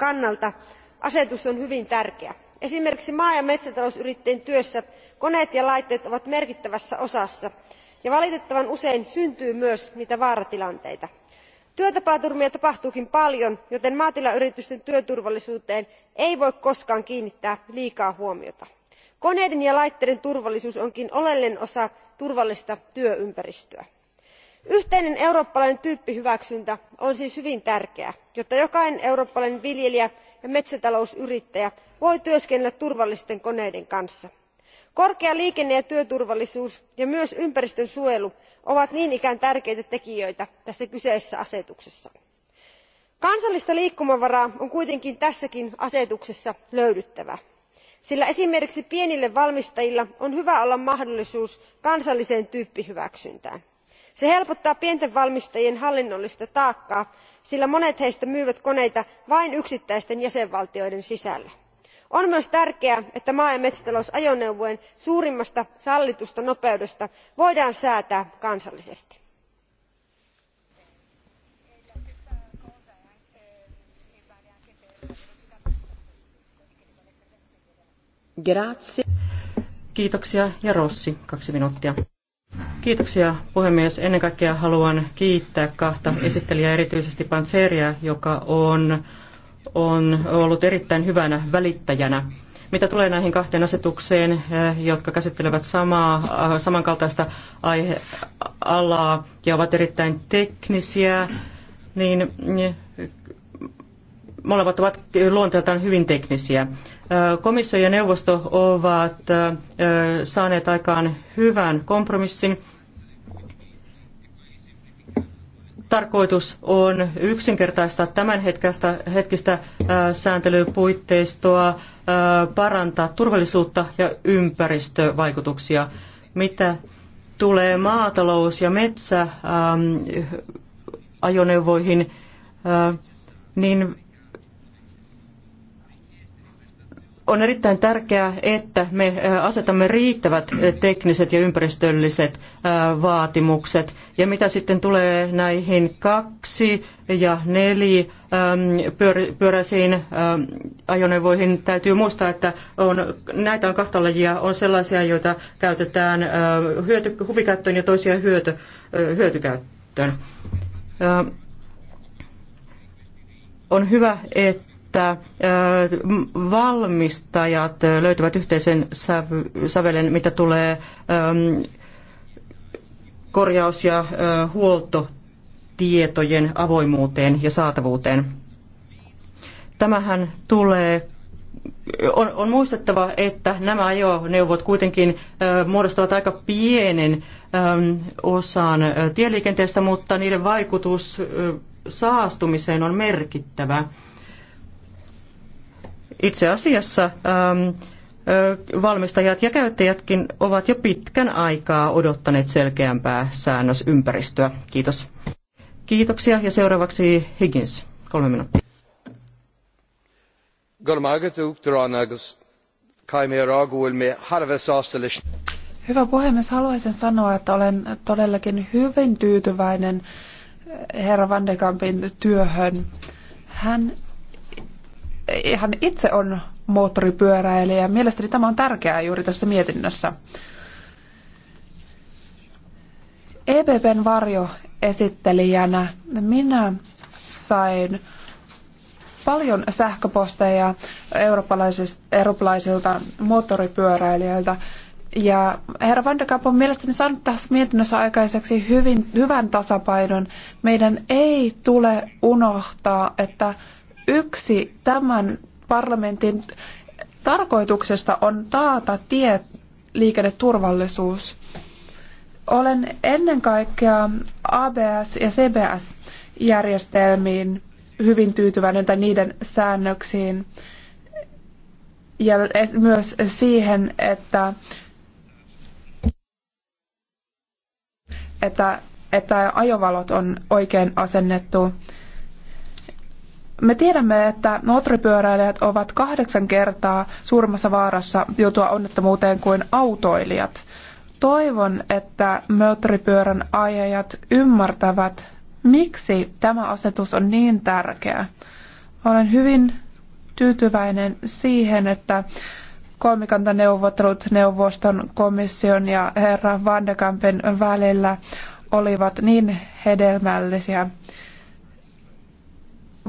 kannalta asetus on hyvin tärkeä. esimerkiksi maa ja metsätalousyrittäjien työssä koneet ja laitteet ovat merkittävässä osassa ja valitettavan usein syntyy myös vaaratilanteita. työtapaturmia tapahtuukin paljon joten maatilayritysten työturvallisuuteen ei voi koskaan kiinnittää liikaa huomiota. koneiden ja laitteiden turvallisuus onkin oleellinen osa turvallista työympäristöä yhteinen eurooppalainen tyyppihyväksyntä on siis hyvin tärkeää jotta jokainen eurooppalainen viljelijä ja metsätalousyrittäjä voi työskennellä turvallisten koneiden kanssa. korkea liikenne ja työturvallisuus ja myös ympäristönsuojelu ovat niin ikään tärkeitä tekijöitä tässä kyseisessä asetuksessa. kansallista liikkumavaraa on kuitenkin tässäkin asetuksessa löydyttävä sillä esimerkiksi pienillä valmistajilla on hyvä olla mahdollisuus kansalliseen tyyppihyväksyntään se helpottaa pienten valmistajien hallinnollista taakkaa sillä monet heistä myyvät koneita vain yksittäisten jäsenvaltioiden sisällä. on myös tärkeää että maa ja metsätalousajoneuvojen suurimmasta sallitusta nopeudesta voidaan säätää kansallisesti. Kiitoksia ja Rossi, kaksi minuuttia. Kiitoksia puhemies. Ennen kaikkea haluan kiittää kahta esittelijää, erityisesti Panseria, joka on, on ollut erittäin hyvänä välittäjänä. Mitä tulee näihin kahteen asetukseen, eh, jotka käsittelevät samaa, eh, samankaltaista aihealaa ja ovat erittäin teknisiä, niin eh, Molemmat ovat luonteeltaan hyvin teknisiä. Komissio ja neuvosto ovat saaneet aikaan hyvän kompromissin. Tarkoitus on yksinkertaistaa tämän hetkistä, hetkistä sääntelypuitteistoa, parantaa turvallisuutta ja ympäristövaikutuksia. Mitä tulee maatalous- ja metsäajoneuvoihin, niin On erittäin tärkeää, että me asetamme riittävät tekniset ja ympäristölliset vaatimukset. Ja mitä sitten tulee näihin kaksi ja neli pyöräisiin ajoneuvoihin, täytyy muistaa, että on, näitä on kahta lajia. On sellaisia, joita käytetään hyöty, huvikäyttöön ja toisia hyöty, hyötykäyttöön. On hyvä, että että valmistajat löytävät yhteisen sävelen, mitä tulee korjaus- ja huoltotietojen avoimuuteen ja saatavuuteen. Tämähän tulee on, on muistettava, että nämä ajoneuvot kuitenkin äh, muodostavat aika pienen ähm, osan äh, tieliikenteestä, mutta niiden vaikutus äh, saastumiseen on merkittävä. Itse asiassa ähm, valmistajat ja käyttäjätkin ovat jo pitkän aikaa odottaneet selkeämpää säännösympäristöä. Kiitos. Kiitoksia ja seuraavaksi Higgins. Kolme minuuttia. Hyvä puhemies, haluaisin sanoa, että olen todellakin hyvin tyytyväinen herra Van de Kampin työhön. Hän hän itse on moottoripyöräilijä. Mielestäni tämä on tärkeää juuri tässä mietinnössä. EPPn esittelijänä minä sain paljon sähköposteja eurooppalaisilta moottoripyöräilijöiltä. Ja herra Van de Kamp on mielestäni saanut tässä mietinnössä aikaiseksi hyvin, hyvän tasapainon. Meidän ei tule unohtaa, että yksi tämän parlamentin tarkoituksesta on taata tieliikenneturvallisuus. Olen ennen kaikkea ABS- ja CBS-järjestelmiin hyvin tyytyväinen tai niiden säännöksiin ja myös siihen, että, että, että ajovalot on oikein asennettu. Me tiedämme, että moottoripyöräilijät ovat kahdeksan kertaa suuremmassa vaarassa joutua onnettomuuteen kuin autoilijat. Toivon, että moottoripyörän ajajat ymmärtävät, miksi tämä asetus on niin tärkeä. Olen hyvin tyytyväinen siihen, että kolmikantaneuvottelut neuvoston komission ja herra Van de välillä olivat niin hedelmällisiä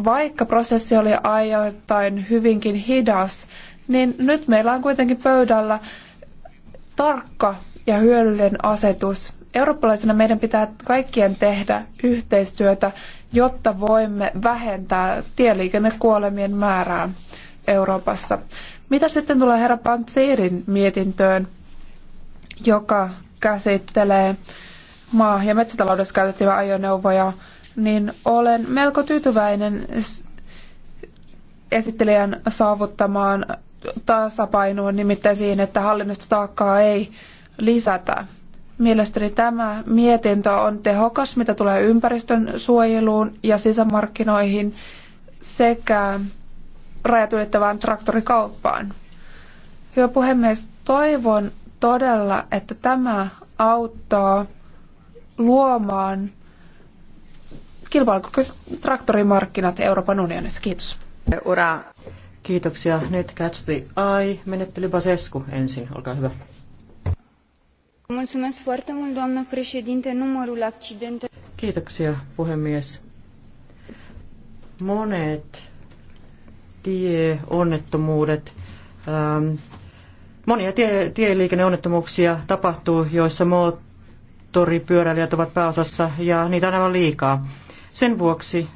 vaikka prosessi oli ajoittain hyvinkin hidas, niin nyt meillä on kuitenkin pöydällä tarkka ja hyödyllinen asetus. Eurooppalaisena meidän pitää kaikkien tehdä yhteistyötä, jotta voimme vähentää tieliikennekuolemien määrää Euroopassa. Mitä sitten tulee herra Pantsiirin mietintöön, joka käsittelee maa- ja metsätaloudessa käytettäviä ajoneuvoja – niin olen melko tyytyväinen esittelijän saavuttamaan tasapainoon, nimittäin siihen, että hallinnosta taakkaa ei lisätä. Mielestäni tämä mietintö on tehokas, mitä tulee ympäristön suojeluun ja sisämarkkinoihin sekä rajat ylittävään traktorikauppaan. Hyvä puhemies, toivon todella, että tämä auttaa luomaan kilpailukykyiset traktorimarkkinat Euroopan unionissa. Kiitos. Ura. Kiitoksia. Nyt Catch the Eye. Menettely Basescu ensin. Olkaa hyvä. Mulțumesc foarte mult, doamnă președinte. Numărul accidente... Kiitoksia, puhemies. Monet tieonnettomuudet, ähm, monia tie, tieliikenneonnettomuuksia tapahtuu, joissa moottoripyöräilijät ovat pääosassa ja niitä on aivan liikaa. Sen vuoksi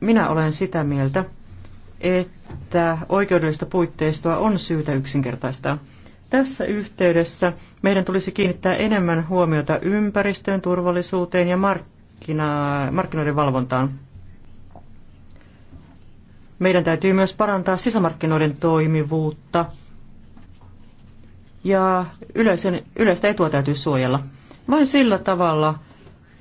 minä olen sitä mieltä, että oikeudellista puitteistoa on syytä yksinkertaistaa. Tässä yhteydessä meidän tulisi kiinnittää enemmän huomiota ympäristöön, turvallisuuteen ja markkina- markkinoiden valvontaan. Meidän täytyy myös parantaa sisämarkkinoiden toimivuutta ja yleisen, yleistä etua täytyy suojella. Vain sillä tavalla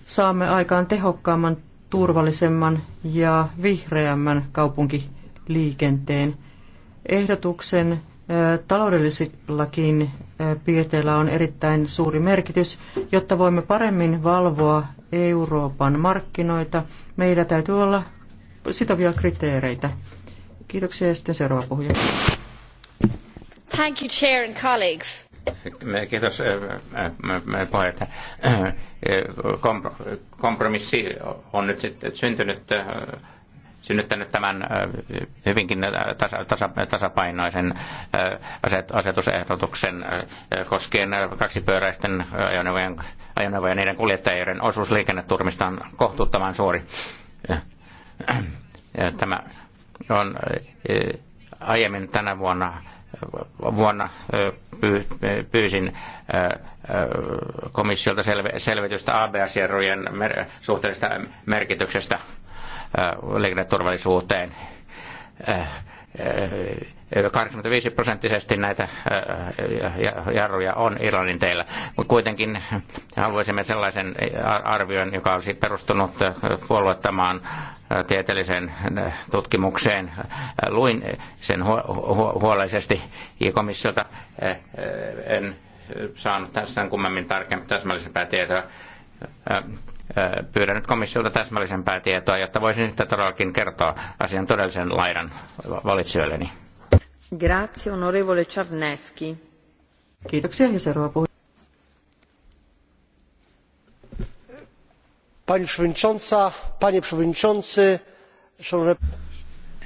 saamme aikaan tehokkaamman turvallisemman ja vihreämmän kaupunkiliikenteen. Ehdotuksen taloudellisillakin piirteillä on erittäin suuri merkitys, jotta voimme paremmin valvoa Euroopan markkinoita. Meillä täytyy olla sitovia kriteereitä. Kiitoksia ja sitten seuraava puhuja. Thank you, Chair and colleagues. Kiitos puheenjohtaja. Kompromissi on nyt sitten syntynyt synnyttänyt tämän hyvinkin tasa, tasa, tasapainoisen asetusehdotuksen koskien kaksipyöräisten ajoneuvojen, ajoneuvojen niiden kuljettajien osuus liikenneturmista on kohtuuttoman suuri. Tämä on aiemmin tänä vuonna vuonna pyysin komissiolta selvitystä ABS-jarrujen suhteellisesta merkityksestä liikenneturvallisuuteen. 85 prosenttisesti näitä jarruja on Irlannin teillä, mutta kuitenkin haluaisimme sellaisen arvion, joka olisi perustunut puolueettamaan tieteelliseen tutkimukseen. Luin sen huolellisesti Komissiota En saanut tässä kummemmin tarkemmin täsmällisempää tietoa. Pyydän nyt komissiolta täsmällisempää tietoa, jotta voisin sitten todellakin kertoa asian todellisen laidan valitsijoilleni. Grazie, onorevole Czarneski. Kiitoksia ja seuraava puhuja. Pani przewodnicząca, panie przewodniczący, szanowne...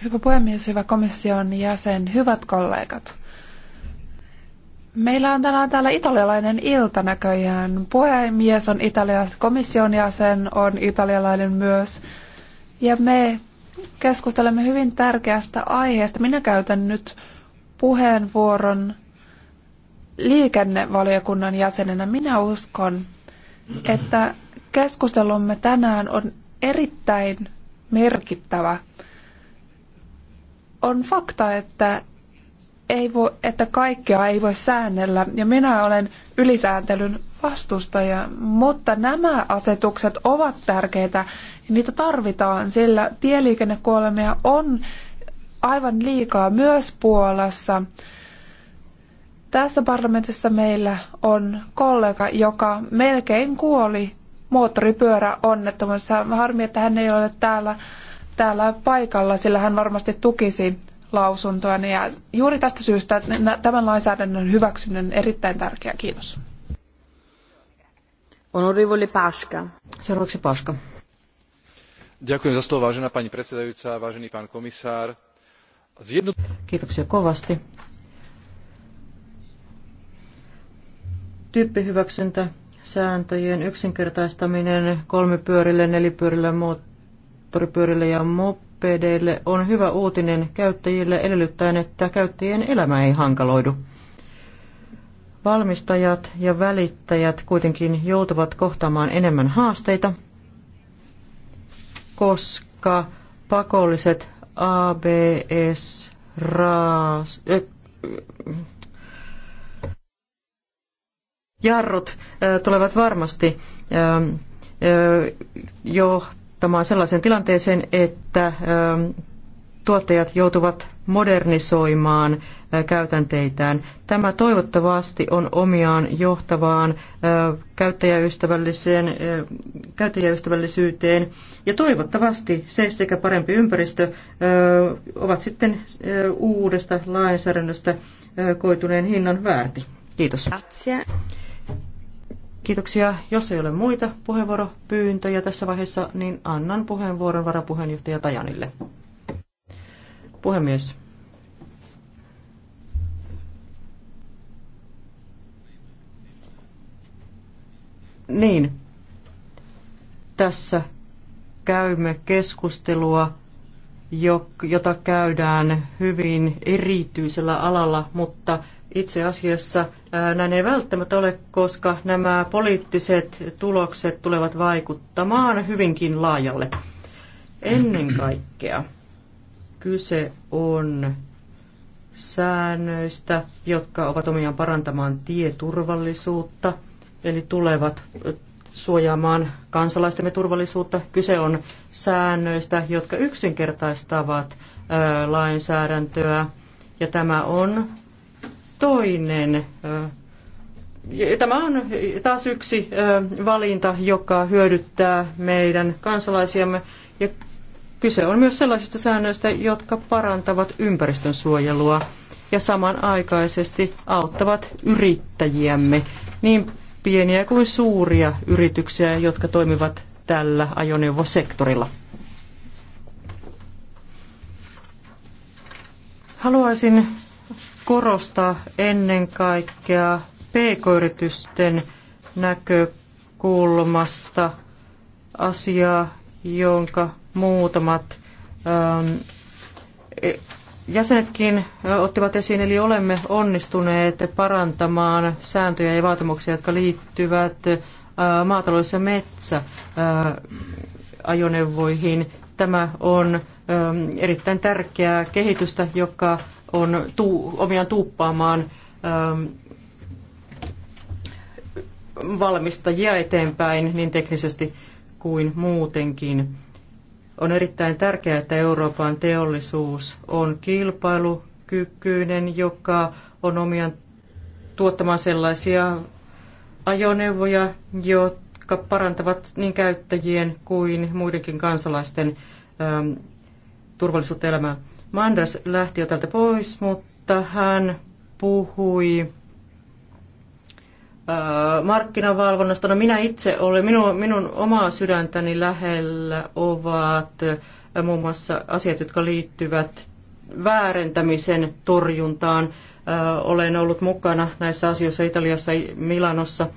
Hyvä puhemies, hyvä komission jäsen, hyvät kollegat. Meillä on tänään täällä italialainen ilta näköjään. Puhemies on Italiassa, komission jäsen on italialainen myös. Ja me keskustelemme hyvin tärkeästä aiheesta. Minä käytän nyt puheenvuoron liikennevaliokunnan jäsenenä. Minä uskon, että keskustelumme tänään on erittäin merkittävä. On fakta, että, ei voi, että kaikkea ei voi säännellä, ja minä olen ylisääntelyn vastustaja, mutta nämä asetukset ovat tärkeitä ja niitä tarvitaan, sillä tieliikennekuolemia on aivan liikaa myös Puolassa. Tässä parlamentissa meillä on kollega, joka melkein kuoli moottoripyöräonnettomuudessa. Harmi, että hän ei ole täällä, täällä paikalla, sillä hän varmasti tukisi lausuntoa. Ja juuri tästä syystä tämän lainsäädännön hyväksyminen on erittäin tärkeä. Kiitos. Onorivoli Paška. Seuraavaksi Paška. Ďakujem za slovo, vážená pani predsedajúca, vážený pán komisár. Kiitoksia kovasti. Tyyppihyväksyntä sääntöjen yksinkertaistaminen kolmipyörille, nelipyörille, moottoripyörille ja mopedeille on hyvä uutinen käyttäjille edellyttäen, että käyttäjien elämä ei hankaloidu. Valmistajat ja välittäjät kuitenkin joutuvat kohtaamaan enemmän haasteita, koska pakolliset ABS-raas... Äh, jarrut tulevat varmasti johtamaan sellaiseen tilanteeseen, että tuottajat joutuvat modernisoimaan käytänteitään. Tämä toivottavasti on omiaan johtavaan käyttäjäystävälliseen, käyttäjäystävällisyyteen ja toivottavasti se sekä parempi ympäristö ovat sitten uudesta lainsäädännöstä koituneen hinnan väärti. Kiitos. Kiitoksia. Jos ei ole muita puheenvuoropyyntöjä tässä vaiheessa, niin annan puheenvuoron varapuheenjohtaja Tajanille. Puhemies. Niin. Tässä käymme keskustelua, jota käydään hyvin erityisellä alalla, mutta itse asiassa – näin ei välttämättä ole, koska nämä poliittiset tulokset tulevat vaikuttamaan hyvinkin laajalle. Ennen kaikkea kyse on säännöistä, jotka ovat omiaan parantamaan tieturvallisuutta, eli tulevat suojaamaan kansalaistemme turvallisuutta. Kyse on säännöistä, jotka yksinkertaistavat lainsäädäntöä, ja tämä on toinen. Tämä on taas yksi valinta, joka hyödyttää meidän kansalaisiamme ja kyse on myös sellaisista säännöistä, jotka parantavat ympäristön suojelua ja samanaikaisesti auttavat yrittäjiämme, niin pieniä kuin suuria yrityksiä, jotka toimivat tällä ajoneuvosektorilla. Haluaisin korostaa ennen kaikkea pk-yritysten näkökulmasta asiaa, jonka muutamat ähm, e, jäsenetkin ottivat esiin, eli olemme onnistuneet parantamaan sääntöjä ja vaatimuksia, jotka liittyvät maatalous- ja metsäajoneuvoihin. Tämä on erittäin tärkeää kehitystä, joka on tu, omiaan tuuppaamaan ähm, valmistajia eteenpäin niin teknisesti kuin muutenkin. On erittäin tärkeää, että Euroopan teollisuus on kilpailukykyinen, joka on omiaan tuottamaan sellaisia ajoneuvoja, jotka parantavat niin käyttäjien kuin muidenkin kansalaisten äm, turvallisuutta elämään. Mandas lähti jo täältä pois, mutta hän puhui markkinavalvonnasta. No minä itse olen, minun, minun omaa sydäntäni lähellä ovat muun muassa asiat, jotka liittyvät väärentämisen torjuntaan. Olen ollut mukana näissä asioissa Italiassa, Milanossa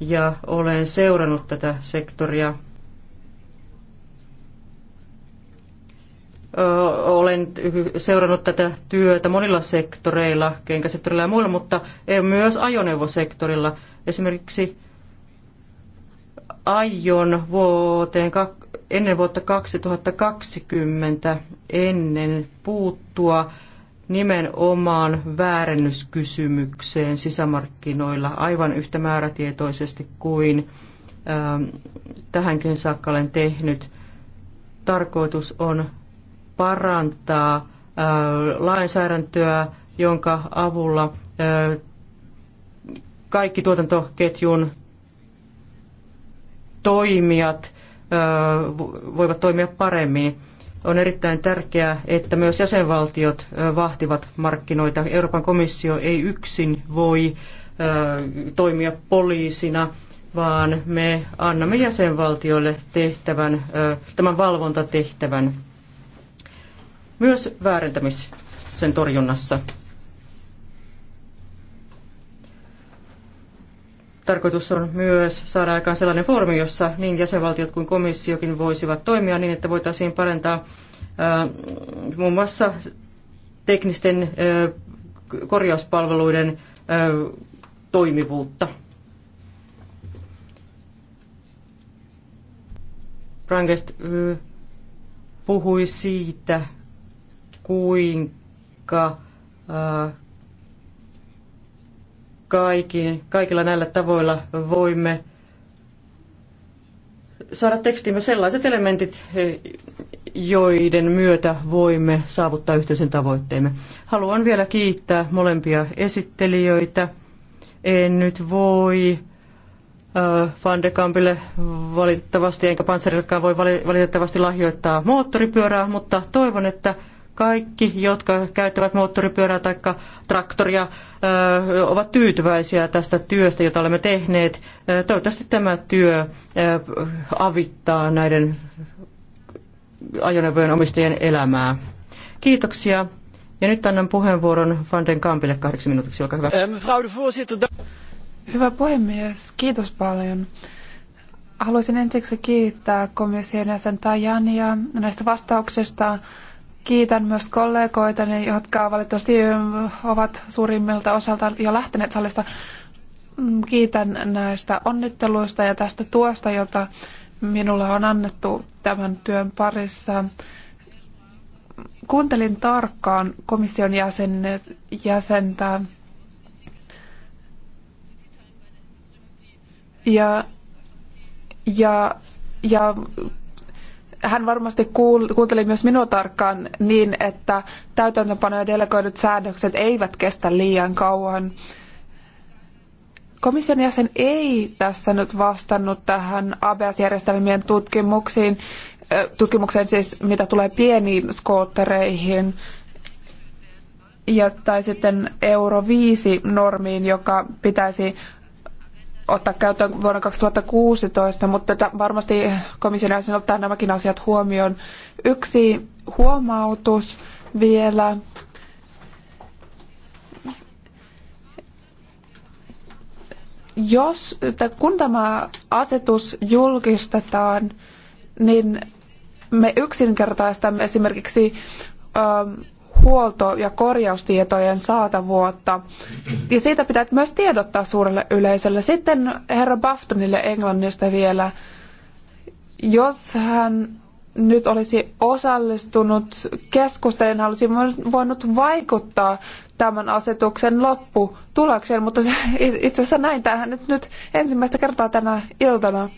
ja olen seurannut tätä sektoria Olen seurannut tätä työtä monilla sektoreilla, kenkäsektorilla ja muilla, mutta e, myös ajoneuvosektorilla. Esimerkiksi aion vuoteen, ennen vuotta 2020 ennen puuttua nimenomaan väärennyskysymykseen sisämarkkinoilla aivan yhtä määrätietoisesti kuin tähänkin saakka olen tehnyt. Tarkoitus on parantaa lainsäädäntöä, jonka avulla kaikki tuotantoketjun toimijat voivat toimia paremmin. On erittäin tärkeää, että myös jäsenvaltiot vahtivat markkinoita. Euroopan komissio ei yksin voi toimia poliisina, vaan me annamme jäsenvaltioille tehtävän, tämän valvontatehtävän myös väärentämisen torjunnassa. Tarkoitus on myös saada aikaan sellainen foorumi, jossa niin jäsenvaltiot kuin komissiokin voisivat toimia niin, että voitaisiin parantaa äh, muun mm. muassa teknisten äh, korjauspalveluiden äh, toimivuutta. Rankest puhui siitä, kuinka äh, kaikki, kaikilla näillä tavoilla voimme saada tekstimme sellaiset elementit, eh, joiden myötä voimme saavuttaa yhteisen tavoitteemme. Haluan vielä kiittää molempia esittelijöitä. En nyt voi äh, Van de Kampille valitettavasti, enkä Panzerillekaan voi valitettavasti lahjoittaa moottoripyörää, mutta toivon, että kaikki, jotka käyttävät moottoripyörää tai traktoria, ovat tyytyväisiä tästä työstä, jota olemme tehneet. Toivottavasti tämä työ avittaa näiden ajoneuvojen omistajien elämää. Kiitoksia. Ja nyt annan puheenvuoron Van den Kampille kahdeksi minuutiksi, olkaa hyvä. Ähm, hyvä puhemies, kiitos paljon. Haluaisin ensiksi kiittää komission jäsen Tajania näistä vastauksista Kiitän myös kollegoitani, jotka valitettavasti mm, ovat suurimmilta osalta jo lähteneet salista. Mm, kiitän näistä onnitteluista ja tästä tuosta, jota minulle on annettu tämän työn parissa. Kuuntelin tarkkaan komission jäsenet, jäsentä ja, ja, ja hän varmasti kuunteli myös minua tarkkaan niin, että täytäntöpano- ja delegoidut säädökset eivät kestä liian kauan. Komission jäsen ei tässä nyt vastannut tähän ABS-järjestelmien tutkimuksiin, tutkimukseen siis mitä tulee pieniin skoottereihin ja, tai sitten Euro 5-normiin, joka pitäisi ottaa käyttöön vuonna 2016, mutta varmasti komission jäsen ottaa nämäkin asiat huomioon. Yksi huomautus vielä. Jos, kun tämä asetus julkistetaan, niin me yksinkertaistamme esimerkiksi ähm, huolto- ja korjaustietojen saatavuutta. Ja siitä pitää myös tiedottaa suurelle yleisölle. Sitten herra Baftonille Englannista vielä. Jos hän nyt olisi osallistunut keskusteluun, olisi voinut vaikuttaa tämän asetuksen lopputulokseen, mutta se, itse asiassa näin tähän nyt, nyt ensimmäistä kertaa tänä iltana.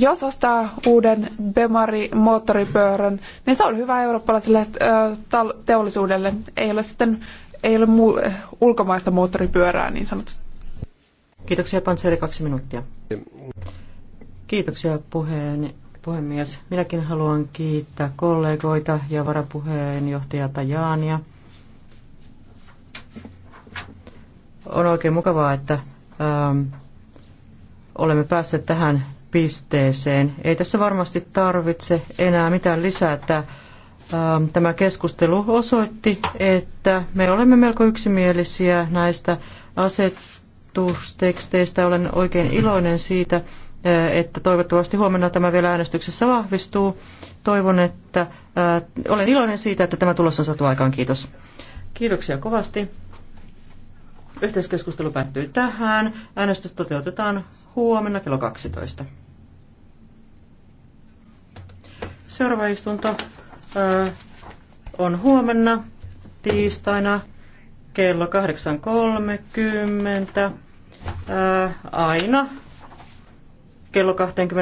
jos ostaa uuden Bemari-moottoripyörän, niin se on hyvä eurooppalaiselle teollisuudelle. Ei ole sitten ei ole muu, ulkomaista moottoripyörää niin sanotusti. Kiitoksia, Pantseri, kaksi minuuttia. Kiitoksia puheen, puhemies. Minäkin haluan kiittää kollegoita ja varapuheenjohtaja Tajania. On oikein mukavaa, että ähm, olemme päässeet tähän pisteeseen. Ei tässä varmasti tarvitse enää mitään lisätä. Ähm, tämä keskustelu osoitti, että me olemme melko yksimielisiä näistä asetusteksteistä. Olen oikein iloinen siitä, äh, että toivottavasti huomenna tämä vielä äänestyksessä vahvistuu. Toivon, että äh, olen iloinen siitä, että tämä tulos on saatu aikaan. Kiitos. Kiitoksia kovasti. Yhteiskeskustelu päättyy tähän. Äänestys toteutetaan huomenna kello 12. Seuraava istunto on huomenna tiistaina kello 8.30 aina kello 20.